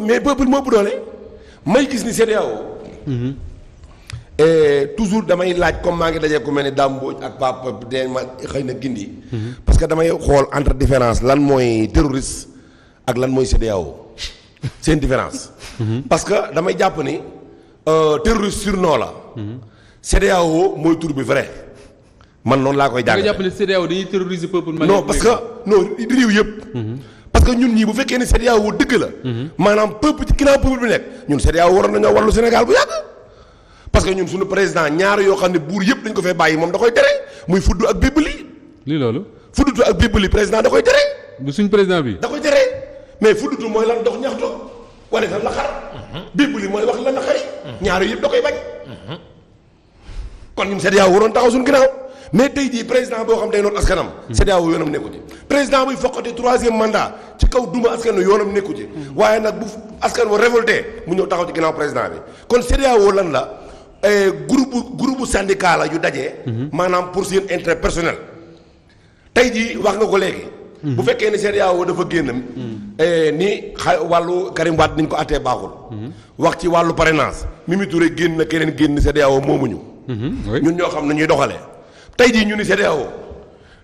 mais peuple moo bu doole may gis ni CEDEAO toujours damay laaj comme maa ngi dajee ku mel ni Dame ak Pape de ma xëy na gindi parce que damay xool entre différence lan mooy terroriste ak lan mooy e CEDEAO seen différence parce que damay jàpp ni euh, terroriste surnom la CEDEAO mooy tur bi vrai man noonu laa koy jàng nga jàpp ni CEDEAO dañuy terroriser peuple non parce que non réew yëpp parce que ñun ñii bu fekkee ne CEDEAO dëgg la. maanaam peuple ci ginnaaw peuple bi nekk ñun CEDEAO waroon nañoo wallu Sénégal bu yàgg. parce que ñun suñu président ñaar yoo xam ne buur yëpp dañ ko fee bàyyi moom da koy tere muy fudd ak bibbali. lii loolu. fuddutu ak li président da koy tere. bu suñ président bi. da koy tere mais fuddutu mooy lan dox ñaxtu wane lan la xar. bibbali mooy wax lan la xari. ñaar yëpp da koy bañ. kon ñun CEDEAO waroon taxaw suñu ginnaaw mais tey jii président boo xam day noot askanam. CEDEAO yoonam nekku ci président buy foqati troisième mandat kaw duma askan wi yoonam nekku ci. Hmm. waaye nag bu askan wa révolté mu ñëw taxaw ci ginnaaw président bi kon CEDEAO lan la eh, groupe groupe syndicat la yu dajee. Hmm. maanaam pour seen intérêt personnel. tey jii wax nga ko léegi. Hmm. bu fekkee ne CEDEAO dafa génn. Eh, ni xa wàllu Karim Wade niñ ko attee baaxul. wax ci wàllu parrainage Mimi Touré génn na keneen génn CEDEAO moomuñu. ñun ñoo xam ne ñuy doxalee. tey jii ñu ni CEDEAO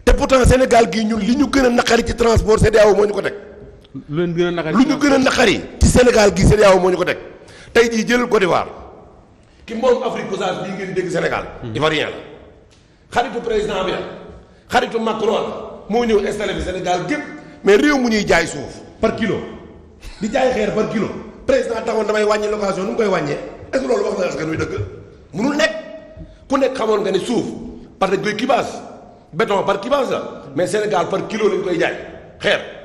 te pourtant Sénégal gii ñu li ñu gën a naqari ci transport CEDEAO moo ñu ko teg. lu ñu gën a naqari ñu gën a naqari ci Sénégal gi seen yaaw moo ñu ko teg tey jii jël Côte d'Ivoire ki moom Afrique Gosaas bii ngeen dégg Sénégal. Hmm. Ivoirien la xaritu président bi la xaritu Macron moo ñëw installé bi Sénégal gépp mais réew mu ñuy jaay suuf par kilo di jaay xeer par kilo président taxoon damay wàññi location nu mu koy wàññee est-ce que loolu wax na askan wi dëgg munul nekk ku nekk xamoon nga ne suuf parce que dañ koy kibaas béton par kibaas la mais Sénégal par kilo lañ koy jaay xeer.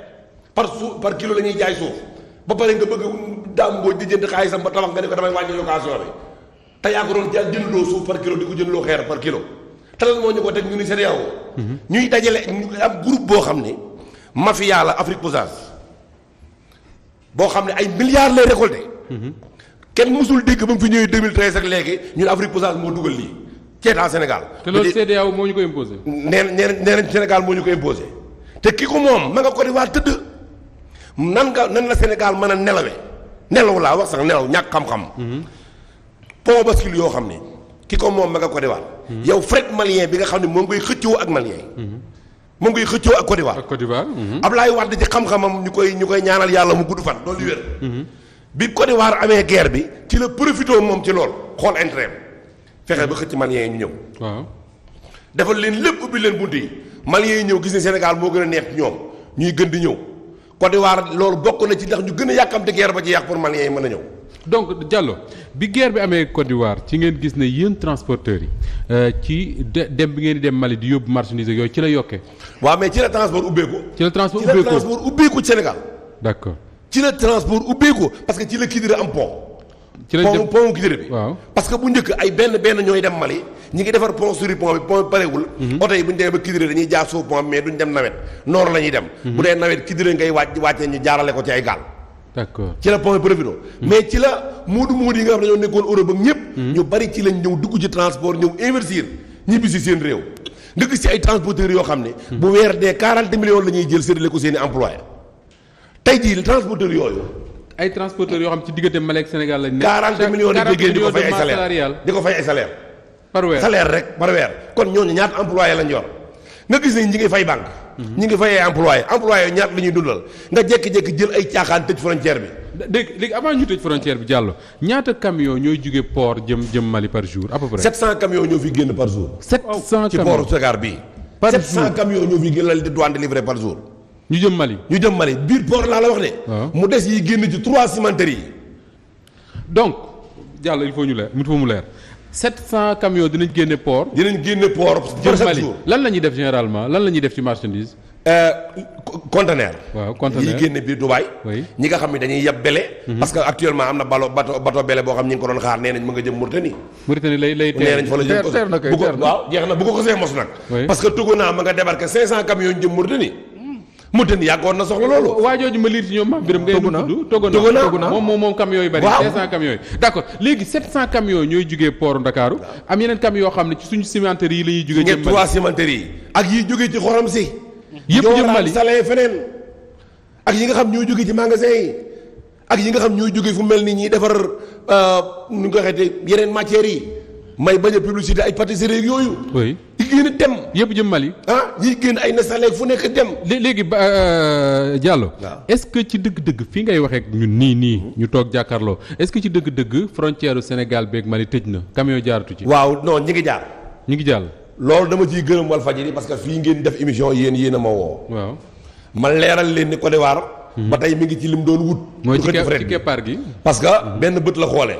par suuf par kilo la ñuy jaay suuf ba pare nga bëgg daam boo di jënd xaalisam ba tabax nga ne ko damay wàññi location bi te yaa ko doon jël jëndloo suuf par kilo di ko jëndloo xeer par kilo te lan moo ñu ko teg ñu ni mhm. am groupe boo xam ne mafia la Afrique Osage boo xam ne ay milliards lay récolté. Mhm. kenn mësul dégg ba mu fi ñëwee 2013 ak léegi ñun Afrique Osage moo dugal lii ci état Sénégal. te loolu CEDEAO moo ñu ko imposé. nee na nee nañ Sénégal ñu ko imposé te ki ko nan nga nan la Sénégal mën a nelawee nelaw laa wax sax nelaw ñàkk xam-xam. Mhm. pont bascule yoo xam ne ki ko moom ma nga Côte mhm. yow fret malien bi nga xam ne moom ngay xëccoo ak malien yi. Mhm. moom ngay xëccoo ak Côte d'Ivoire. ak Côte d'Ivoire. Ablaye Wade ci xam-xamam ñu koy ñu koy ñaanal yàlla mu gudd fan loolu wér. bi Côte amee guerre bi ci la profité moom ci lool xool intérêt fexe ba xëcc malien yi ñu ñëw. waaw defal leen lépp ubbi leen bunt yi malien yi ñëw gis ne Sénégal moo gën a neex ñoom ñuy gën di ñëw. Côte d'Ivoire loolu bokk na ci ndax ñu gën a yàkkamte guerre ba ci yàq pour maliens yi mën a ñëw. donc Diallo bi guerre bi amee Côte ci ngeen gis ne yéen transporteurs yi euh, ci dem bi ngeen di dem Mali di yóbbu marchandise yooyu ci la yokkee. waaw mais ci la transport ubbeeku. ci la transport ubbeeku ci la transport ubbeeku Sénégal. d'accord ci la transport ubbeeku parce que ci la Kidira am pont. ci lañ dem pont Guédiawaye bi parce que bu njëkk ay benn benn ñooy dem Mali ñi ngi defar pont suri pont bi pont bi parewul mhm. oto yi bu ñu demee ba Guédiawaye dañuy jaar suuf pont bi mais duñ dem nawet noor la ñuy dem mhm. bu dee nawet Guédiawaye ngay wàcc wàcc ñu jaarale ko ci ay gaal d'accord ci la pont profito mhm. mais ci la moodu moodu yi nga xam ne ñoo nekkoon Europe ak ñëpp ñu bari ci lañ ñëw dugg ci transport ñëw investir ñibbi si seen réew nga gis ci ay transporteurs yoo xam ne bu weer dee quarante millions la ñuy jël séddale ko seen i employé tey jii transporteurs ay transporteurs yoo xam ci diggante Mali Sénégal lañ. 40 ko fay ay salaire di ko fay ay salaire. par weer salaire rek par weer kon ñooñu ñaata employé lañ yor nga gis ne ñi ngi fay banque. Mhm. ñi ngi fay ay employé employé ñaata la ñuy nga jékki-jékki jël ay caaxaan tëj frontière bi. dégg avant ñu tëj frontière bi Diallo ñaata camion ñooy jóge port jëm jëm Mali par jour à peu près. 700 camions ñoo fi génn par jour. 700 camions ci port Dakar bii. par jour 700 camions ñoo fi ñu jëm Mali ñu jëm Mali biir port laa la wax de. mu des yi génn ci trois cimenteries yi. donc jàll il faut ñu leer il faut mu leer. 700 camions dinañ génne port. dinañ génne port lan la ñuy def généralement parce que actuellement am na balo bato bele boo xam ñi ngi ko doon xaar nee nañ mu nga jëm Mauritanie. Mauritanie lay lay teer nee nañ fa waaw jeex na bu ko xasee mos nag. parce que naa ma nga débarqué 500 camions ñu jëm Mauritanie. mu tën yàggoon na soxla loolu. waa jooju ma liir ci ñoom. togg na togg na togg na moom moom moom camions yu bari. waaw 500 camions yi d' accord léegi 700 camions ñooy jugee port Ndakaaru. am yeneen camions yoo xam ne ci suñu cimenterie yi la ñuy jugee. jëm Mali trois cimenterie yi. ak yi ak yi nga xam ñooy jugee ci magasin yi. ak yi nga xam ñooy jugee fu mel ni ñii defar euh, nu ñu ko waxee yeneen matières yi. may bañ a publicité ay pâtisserie ak yooyu. oui yi génn dem. yëpp jëm Mali. ah yi génn ay nasaraan fu nekk dem. léegi ba euh, Diallo. est-ce que ci dëgg-dëgg fii ngay waxee ñun nii nii. ñu toog jàkkarloo est-ce que ci dëgg-dëgg frontière Sénégal beeg Mali tëj na camion jaaratu ci. waaw non ñi ngi jaar. ñi ngi jàll. loolu dama ciy gërëm Walfadjri parce que fii ngeen def émission yéen yéen a ma woo. waaw ma leeral leen ni Côte d'Ivoire. ba hmm. tey mi ngi ci lim doon wut. mooy ci keppaar gi parce que hmm. benn bët la xoolee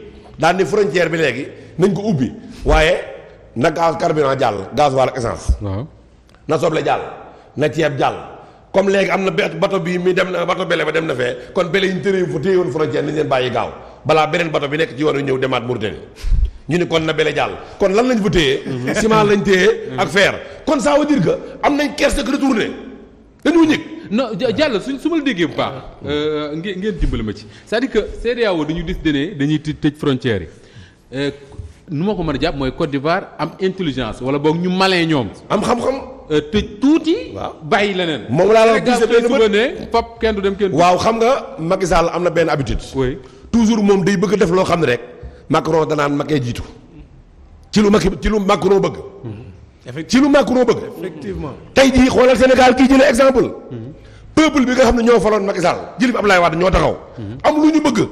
daan ni frontière bi léegi nañ ko ubbi waaye na gaz carburant jàll gaz wala essence. na soble jàll na ceeb jàll. comme léegi am na bato bi mu dem na bato bele ba dem na fee kon bele yi ñu tëree fu téye woon frontière nañ leen bàyyi gaaw balaa beneen bato bi nekk ci yoon wi ñëw demaat Mauritanie ñu ni kon na bele jàll kon lan lañ fa téye. Mhm. ciment lañ téye. ak fer kon ça veut dire que am nañ kees retourné. dañoo ñëg non jàll suñ su ma la déggee bu baax euh, ngeen ngeen dimbali ma ci cest que dire que CEDEAO dañu décidé ne dañuy tëj frontière yi euh, nu ma ko mën a jàpp mooy Côte d'Ivoire am intelligence wala boog ñu malin ñoom. am xam-xam. Euh, tëj tuuti. waaw bàyyi leneen. moom laa la wax gisee benn bët ne pap kenn du dem kenn. waaw xam nga Macky am na benn habitude. oui toujours moom day bëgg def loo xam ne rek Macron danaan Macky jiitu ci lu Macky ci lu Macron bëgg. Mm-hmm. ci lu Macron bëgg. effectivement tey jii xoolal Sénégal kii jëlee exemple. peuple bi nga xam ne ñoo faloon Macky Sall jëli bi Abdoulaye Wade ñoo taxaw. am lu ñu bëgg.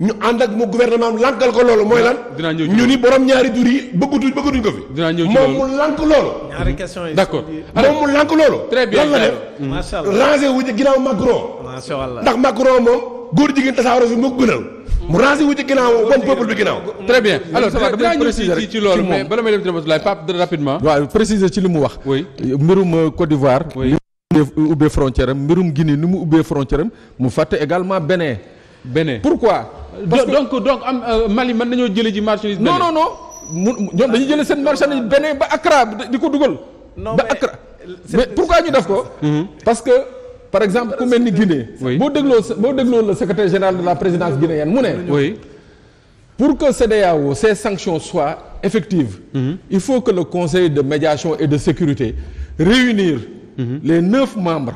ñu ànd ak mu gouvernement am lànkal ko loolu mooy lan. ñu ni borom ñaari tur yi bëggatuñ bëggatuñ ko fi. dinaa ñëw ci moom mu lànk loolu. ñaari yi d'accord moom mu lànk loolu. très bien lan la def. macha allah rangé wu ñu ginnaaw Macron. ndax Macron moom góor jigéen tasaaroo fi moo ko gënal. mu rangé wu ci ginnaaw bon peuple bi ginnaaw. très bien alors dinaa ñëw ci ci loolu mais bala may dem ci Ramatoulaye Pape rapidement. waaw préciser ci li mu wax. oui mbirum euh, Côte d'Ivoire. oui ubbee frontière am mbirum Guinée ni mu ubbee frontière am mu fàtte également Bénin. Bénin pourquoi. donc donc am euh, Mali mën nañoo jëlee ji marchandise. non non non mu ñoom dañuy seen marchandise Bénin ba Accra di ko dugal. ba Accra mais pourquoi ñu def ko. Mm-hmm. parce par exemple ku mel ni Guinée. boo dégloo boo dégloo le secrétaire général de la présidence guinéenne mu ne. pour que CEDEAO ces sanctions soient effectives. Mmh. il faut que le conseil de médiation et de sécurité réunir. Mhm. les neuf membres.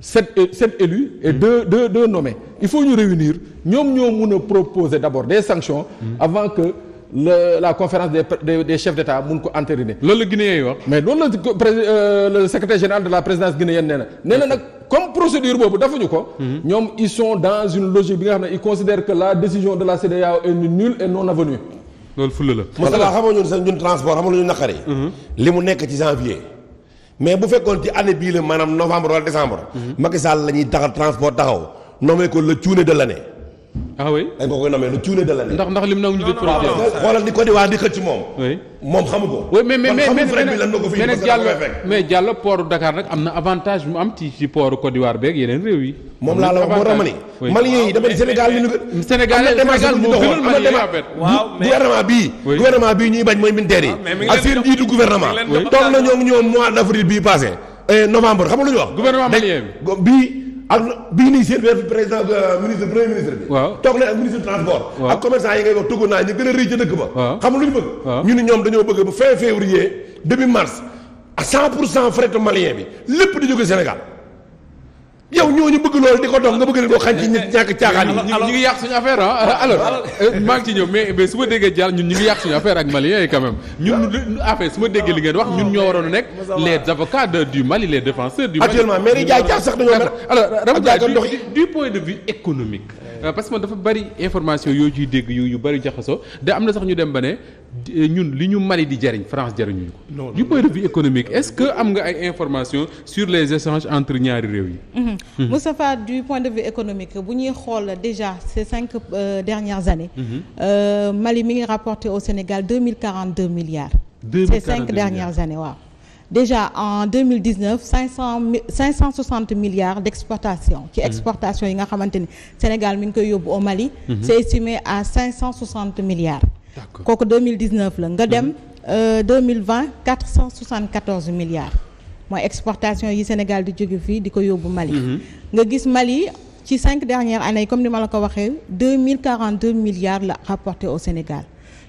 sept euh, sept élus et mhm. deux deux deux nommés il faut ñu réunir ñoom ñoo mun a proposer d'abord des sanctions. Mhm. avant que la la conférence des des, des chefs d'État mun ko entériner. loolu la Guinéen yi mais loolu la prés euh, général de la présidence guinéenne nee na. nee nag comme procédure boobu defuñu ko. Mhm. ñoom ils dans une logique bi nga xam ne ils considèrent que la décision de la CEDEAO est nulle et non avenue. loolu fulla la. voilà Moussa xamoo ñun transport xamoo lu ñu naqari. Mhm. li mu nekk ci janvier. mais bu fekkoon ci année bii la maanaam novembre wala décembre. Mhm. Macky Sall la ah oui dañ ko koy nommé le ndax ndax lim nangu ñu def. waaw Dakar nag am na avantage mu am ci ci port Côte d'Ivoire beeg yeneen réew yi. moom laa la wax moo tax ma ni. Maliens yi dama Sénégal li ñu. Sénégal Sénégal moo gënal Maliens ñuy bañ mooy ministère yi. Ah, ak seen jiitu gouvernement. toog na ñoom ñoom mois d'avril bii passé. Euh, novembre xam lu ñu wax. gouvernement bi ak bii nii seen weer président euh, ministre premier ministre bi. toog leen ak ministre transport. ak commerçant yi ngay wax tëggu naa ñu gën a rëy ca dëkk ba. xam lu ñu bëgg. ñu ni ñoom dañoo bëgg bu fin février début mars à 100 pour cent fret malien bi lépp di jóge Sénégal. yow ñooñu bëgg loolu di ko dox nga bëgg leen koo xañ ci nit ñàkk caaxaan yi ñu ngi yàq suñu affaire ah alors euh, maa ngi ci ñëw mais mais su ma déggee jàll ñun ñu ngi yàq suñu affaire ak malien yi quand même ñun affaire su ma déggee li ngeen wax ñun ñoo waroon a nekk les avocats du Mali les défenseurs du Mali actuellement mais jaay caax sax dañoo mer alors Ramata du point de vue économique Euh, parce que man dafa bari information yoo ciy dégg yu yu bari jaxasoo da am na sax ñu dem ba ne ñun li ñu Mali di jariñ France jariñuñu ko. du point de vue économique est-ce que am nga ay information sur les échanges entre ñaari réew yi. Mm-hmm. Mm-hmm. Moustapha du point de vue économique bu ñuy xool déjà ces cinq euh, dernières mm-hmm. euh, Mali mi ngi rapporté au Sénégal deux mille quarante deux milliards. deux cinq dernières années waaw. déjà en 2019 500 560 milliards d'exportation ci mm-hmm. exportation yi nga xamante ni Sénégal mi ngi koy yóbbu au Mali mm-hmm. c'est estimé à 560 milliards kooku 2019 la nga mm-hmm. dem 2020 euh, 474 milliards mooy exportation yi Sénégal di jóge fii di ko yóbbu Mali nga gis Mali ci cinq dernières années comme ni ma la ko waxee 2042 milliards la rapporté au Sénégal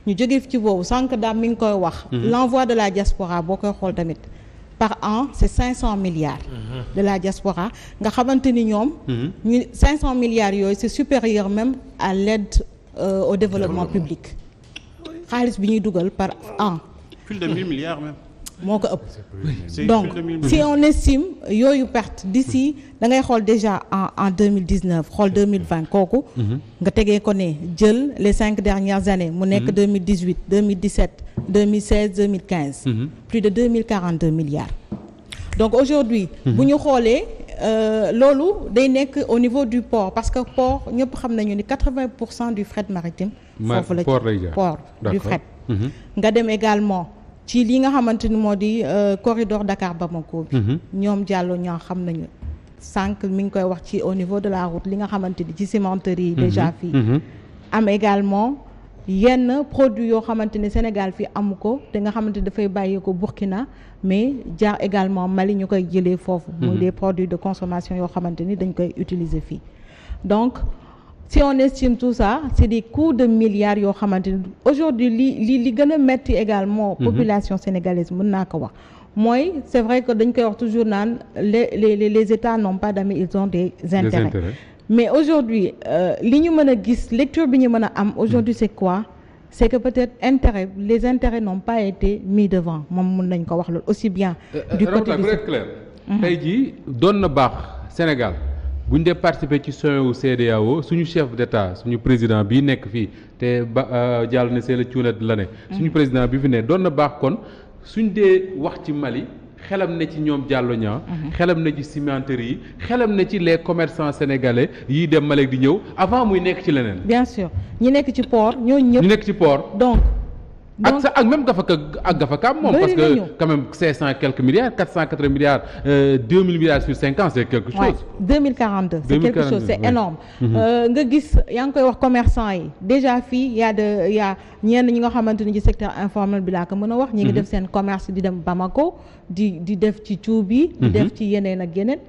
ñu jógee ci boobu sànq daam mi ngi koy wax. Mhm. l'envoi de la diaspora boo koy xool tamit par an c'est 500 milliards. Mhm. de la diaspora nga xamante ni ñoom. Mhm. ñu 500 milliards yooyu c'est supérieur même à l'aide euh, au développement public. xaalis bi ñuy dugal par an. plus de milliards même. moo ko ëpp donc si on estime yooyu perte d'ici da ngay xool déjà en en deux mille dix neuf xool deux mille vingt kooku mhm. nga tegee ko ne jël les cinq dernières années mu nekk mhm. deux mille dix huit deux mille dix sept deux mille seize deux mille quinze mhm. plus de deux mille quarante deux milliards donc aujourd'hui bu ñu xoolee euh, loolu day nekk au niveau du port parce que port ñëpp xam nañu ni quatre vingt cent du fret maritime foofu la port du fret nga dem également ci li nga xamante ni moo di euh, corridor Dakar Bamako bi mm-hmm. ñoom Diallo ñoo xam nañu sànq mi ngi koy wax ci au niveau de la route li nga xamante ni ci cimenterie yi déjà mm-hmm. fii mm-hmm. am également yenn produits yoo xamante ni Sénégal fii amu ko te nga xamante ni dafay bàyyi ko na mais jaar également Mali ñu koy jëlee foofu muy des produits de consommation yoo xamante ni dañ koy utiliser fii donc si on estime tout ça c'est des coûts de milliards yoo xamante ni aujourd'hui li li li gën a metti également mhm. population sénégalaise mën naa ko wax mooy c'est vrai que dañ koy wax toujours naan les les les états n'ont pas d'amis ils ont des intérêts mais aujourd'hui euh, li ñu mën a gis lecture bi ñu mën a am aujourd'hui mhm. c'est quoi c'est que peut-être intérêt les intérêts n'ont pas été mis devant moom mun nañ ko wax loolu aussi bien euh, du euh, côté du mhm. tey jii doon na baax Sénégal bu ñu dee participer ci sommet wu CEDEAO suñu chef d' état suñu président bii nekk fii te ba euh, jàll ne c'est le cuulat la ne mm. suñu président bi fi ne doon na baax kon suñ dee wax ci Mali xelam na ci ñoom jàllo ñaa mm-hmm. xelam na ci cimenterie yi xelam na ci les commerçants sénégalais yiy dem Mali di ñëw avant muy nekk ci leneen bien sûr ñi nekk ci port ñooñu ñëpp ñu nekk ak sa ak même gafaka ak gafakaam moom parce que quand même cent quelques milliards quatre cent quatre milliards euh, deux mille milliards sur cinq ans c'est quelque chose deux énorme mm-hmm. euh, nga gis yaa ngi koy wax commerçant yi déjà fii yaa a de y a ñenn ñi nga xamante ni ci secteur informel bi laa ko mën a wax ñi ngi mm-hmm. def seen commerce di dem Bamako di di def ci cuub bi di mm-hmm. def ci yeneen ak yeneen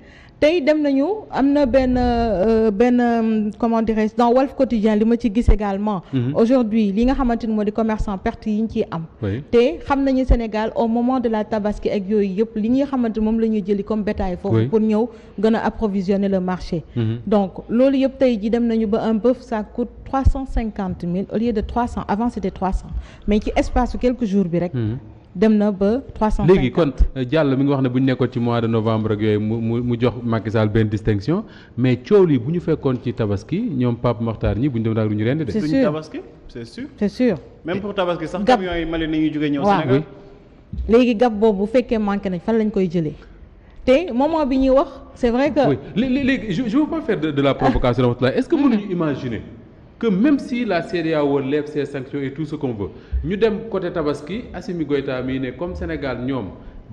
tey dem nañu am na benn euh, benn euh, comment dirais-je dans Walf Quotidien li ma ci gis également mhm. aujourd'hui li nga xamante ni moo di commercant perte yi ñu ci am te xam nañu Sénégal au moment de la tabaski ak yooyu yëpp li ñuy xamante moom la ñuy jëli comme bétail foofu pour ñëw gën a approvisionner le marché mhm. donc loolu yëpp tey ji dem nañu ba un bœuf ça coûte trois cent cinquante mille au lieu de trois cent avant c'était trois cent mais ci espace quelques jours bi rek mhm. dem na ba 350 léegi kon euh, Diallo mi ngi wax ne bu ñu nekkoon ci mois de novembre ak yooyu mu mu jox Macky Sall benn distinction mais coow lii bu ñu fekkoon ci tabaski ñoom Pape Mokhtar ñi buñu ñu daal du ñu rendi de. c'est sûr tabaski c'est sûr. c'est sax camions yi Mali ni ñuy jógee ñëw Sénégal léegi gab boobu bu fekkee manqué nañ fan lañ koy jëlee. te moom bi ñuy wax c'est vrai que. oui léegi je je veux pas faire de de la provocation. est-ce que mënuñu imaginer. que même si la CEDEAO lève ses sanctions et tout ce qu'on veut ñu dem côté Tabaski Assimi Goïta ne comme Sénégal ñoom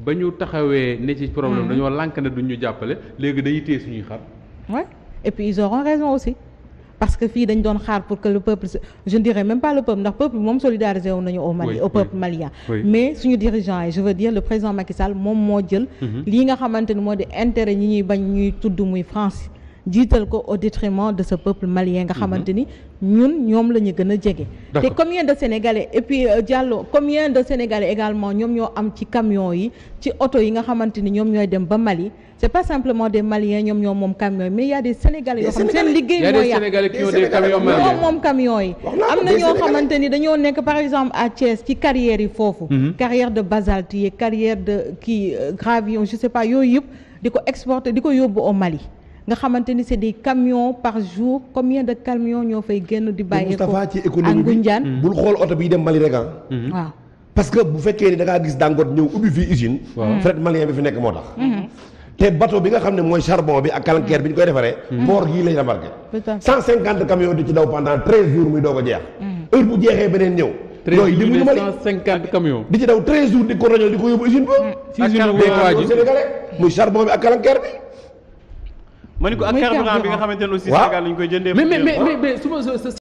ba ñu taxawee ne ci problème mm-hmm. dañoo lànk ne du ñu jàppale léegi da téye suñuy xar. ouais et puis ils auront raison aussi parce que fii dañ doon xaar pour que le peuple je ne dirais même pas le peuple ndax peuple moom solidarisé wu nañu au peuple malien mais suñu dirigeant yi je veux dire le président Macky moom moo jël mm-hmm. lii nga xamante ni moo di intérêt ñi ñuy bañ ñuy tudd muy France jiital ko au détriment de ce peuple malien nga mhm. xamante ni ñun ñoom la ñu gën a jege te combien de sénégalais et puis euh, Diallo combien de sénégalais également ñoom ñoo am ci camion yi ci oto yi nga xamante ni ñoom ñooy dem ba Mali c'est pas simplement des Maliens ñoom ñoo moom camion yi mais y a des sénégalais yoo xam seen liggéey mooy yàq ñoom moom camion yi am na ñoo xamante ni dañoo nekk par exemple à Thiès ci carrière yi foofu mhm. carrière de basalte yi carrière de kii euh, gravion je yooyu yëpp di ko exporter di ko yóbbu au Mali nga xamante ni c'est des camions par jour combien de camions ñoo fay génn di bàyyi ko ci économie bi bul xool oto bi dem Mali rek ah. mhm. parce que bu fekkee ni da ngaa gis Dangote ñëw ubbi fii usine mhm. fret malien bi fi nekk moo tax mhm. te bateau bi nga xam ne mooy charbon bi ak calcaire bi ñu koy defaree port yii lay embarqué cent cinquante camions di ci daw pendant treize jours muy doog a jeex heure bu jeexee beneen ñëw yooyu li mu Mali di ci daw treize jours ma ni ko ak carburant bi nga xamante ne aussi Sénégal lañ koy jëndee mais mais mais su ma